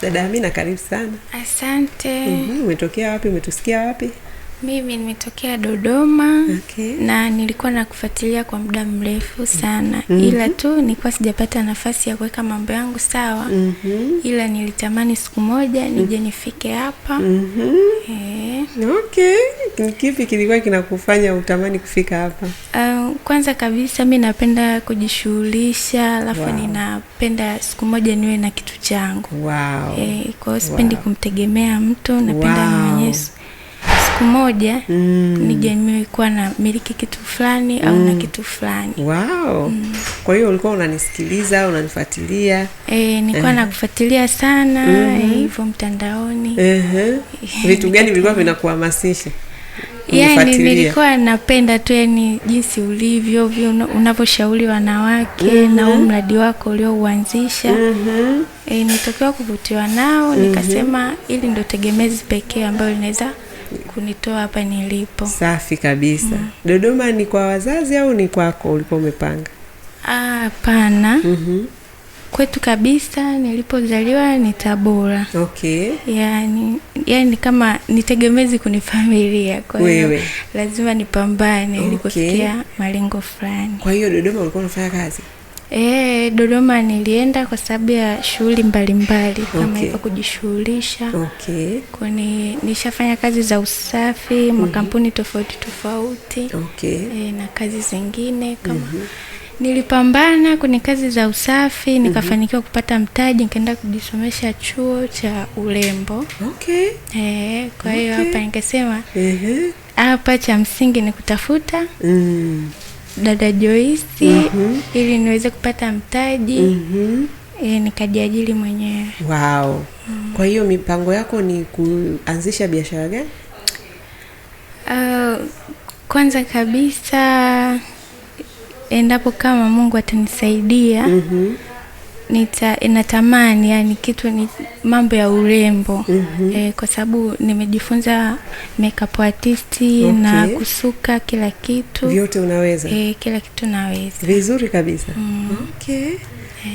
Dada Amina, karibu sana. Asante. Mhm, umetokea wapi? Umetusikia wapi? Mimi nimetokea Dodoma okay. na nilikuwa nakufuatilia kwa muda mrefu sana mm -hmm. ila tu nilikuwa sijapata nafasi ya kuweka mambo yangu sawa mm -hmm. ila nilitamani siku moja mhm. nije nifike hapa mm -hmm. okay. Kipi kilikuwa kinakufanya utamani kufika hapa? Uh, kwanza kabisa mi napenda kujishughulisha, alafu wow. ninapenda siku moja niwe na kitu changu wow. eh, kwa hiyo sipendi wow. kumtegemea mtu, napenda wow. mwenyewe siku moja mm. jamii nimekuwa na miliki kitu fulani mm. au na mm. kitu fulani wow. mm. kwa hiyo ulikuwa unanisikiliza unanifuatilia? E, nilikuwa uh eh. -huh. nakufuatilia sana eh, mm-hmm. hivyo uh -huh. mtandaoni. uh -huh. vitu gani vilikuwa vinakuhamasisha? Yani, nilikuwa napenda tu yani jinsi ulivyo unavyoshauri wanawake mm -hmm. na huu mradi wako uliouanzisha mm -hmm. E, nilitokewa kuvutiwa nao mm -hmm. nikasema ili ndio tegemezi pekee ambayo linaweza kunitoa hapa nilipo. Safi kabisa. mm. Dodoma ni kwa wazazi au ni kwako ulipo umepanga? Ah, hapana. mm -hmm. Kwetu kabisa, nilipozaliwa ni Tabora. Okay. Yani, yani kama nitegemezi kuni familia, kwa hiyo lazima nipambane okay, ili kufikia malengo fulani. Kwa hiyo Dodoma ulikuwa unafanya kazi? E, Dodoma nilienda kwa sababu ya shughuli mbalimbali kama hivyo Kujishughulisha okay. Kwani nishafanya kazi za usafi mm -hmm. makampuni tofauti tofauti okay. E, na kazi zingine kama mm -hmm. nilipambana kwenye kazi za usafi mhm. nikafanikiwa kupata mtaji nikaenda kujisomesha chuo cha urembo okay. E, kwa hiyo okay. Hapa nikasema mhm. hapa mm -hmm. cha msingi ni kutafuta mm dada Joyce mm-hmm. ili niweze kupata mtaji mm-hmm. E, nikajiajiri mwenyewe. Wow. Mm. Kwa hiyo mipango yako ni kuanzisha biashara gani? Uh, kwanza kabisa endapo kama Mungu atanisaidia mm-hmm nita natamani yani kitu ni mambo ya urembo mm -hmm. E, kwa sababu nimejifunza makeup artist okay. na kusuka kila kitu vyote unaweza e, kila kitu naweza vizuri kabisa mm. okay.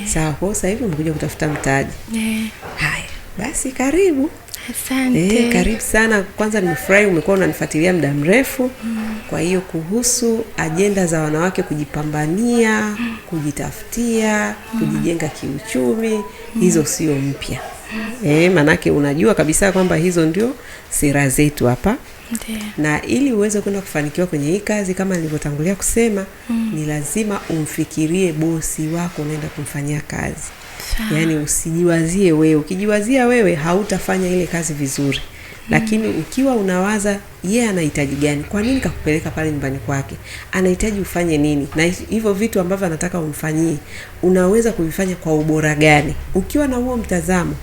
E. Sawa, sasa hivi umekuja kutafuta mtaji e. Haya basi, karibu. Asante. E, karibu sana. Kwanza nimefurahi umekuwa unanifuatilia muda mrefu mm. Kwa hiyo kuhusu ajenda za wanawake kujipambania mm. kujitafutia mm. kujijenga kiuchumi mm. hizo sio mpya mm. E, eh, maanake unajua kabisa kwamba hizo ndio sera zetu hapa Na ili uweze kwenda kufanikiwa kwenye hii kazi kama nilivyotangulia kusema mm. ni lazima umfikirie bosi wako unaenda kumfanyia kazi Sa. Ah. Yani usijiwazie wewe. Ukijiwazia wewe hautafanya ile kazi vizuri hmm. lakini ukiwa unawaza ye yeah, anahitaji gani? Kwa nini kakupeleka pale nyumbani kwake? Anahitaji ufanye nini? Na hivyo vitu ambavyo anataka umfanyie, unaweza kuvifanya kwa ubora gani? Ukiwa na huo mtazamo,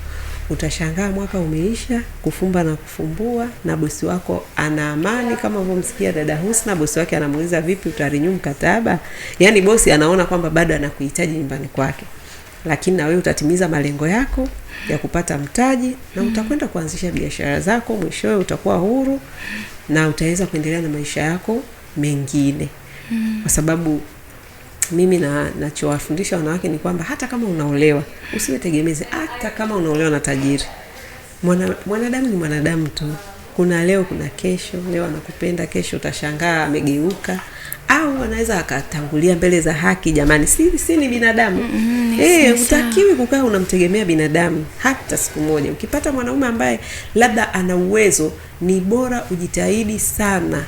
utashangaa mwaka umeisha, kufumba na kufumbua, na bosi wako ana amani. Kama ulivyomsikia dada Husna, bosi wake anamuuliza vipi, utarinyu mkataba? Yaani bosi anaona kwamba bado anakuhitaji nyumbani kwake lakini na wewe utatimiza malengo yako ya kupata mtaji na utakwenda kuanzisha biashara zako. Mwishowe utakuwa huru na utaweza kuendelea na maisha yako mengine, mm. kwa sababu mimi na nachowafundisha wanawake ni kwamba hata kama unaolewa usiwe tegemezi. Hata kama unaolewa na tajiri, mwana, mwanadamu ni mwanadamu tu kuna leo, kuna kesho. Leo anakupenda, kesho utashangaa amegeuka, au anaweza akatangulia mbele za haki. Jamani, si, si ni binadamu mm -hmm, e, eh, utakiwi kukaa unamtegemea binadamu hata siku moja. Ukipata mwanaume ambaye labda ana uwezo, ni bora ujitahidi sana,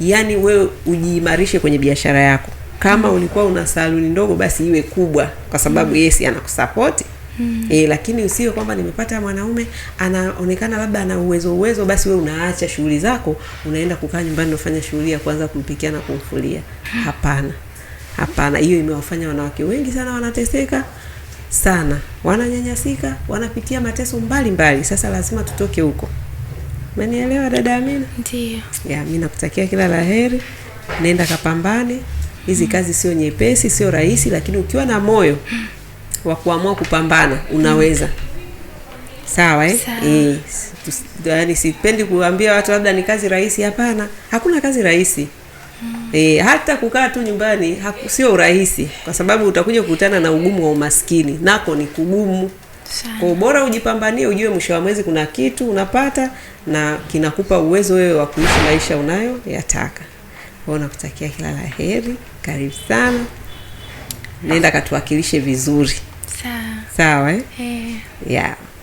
yaani wewe ujiimarishe kwenye biashara yako. Kama mm-hmm. ulikuwa una saluni ndogo, basi iwe kubwa, kwa sababu mm-hmm. yesi anakusapoti Mm. E, lakini usiwe kwamba nimepata mwanaume anaonekana labda ana uwezo uwezo, basi we unaacha shughuli zako unaenda kukaa nyumbani unafanya shughuli ya kwanza kumpikia na kumfulia. Hapana, hapana, hiyo imewafanya wanawake wengi sana wanateseka sana, wananyanyasika, wanapitia mateso mbalimbali mbali. Sasa lazima tutoke huko. Umenielewa dada Amina? Ndiyo. Ya, mimi nakutakia kila laheri, nenda kapambane. Hizi mm. kazi sio nyepesi, sio rahisi, lakini ukiwa na moyo wa kuamua kupambana unaweza. Sawa eh? Eh, yaani sipendi kuambia watu labda ni kazi rahisi. Hapana, hakuna kazi rahisi. mm. E, hata kukaa tu nyumbani sio urahisi, kwa sababu utakuja kukutana na ugumu wa umaskini, nako ni kugumu. Kwa bora ujipambanie, ujue mwisho wa mwezi kuna kitu unapata na kinakupa uwezo wewe wa kuishi maisha unayoyataka. Kwao nakutakia kila la heri, karibu sana, nenda katuwakilishe vizuri sawa eh? eh. yeah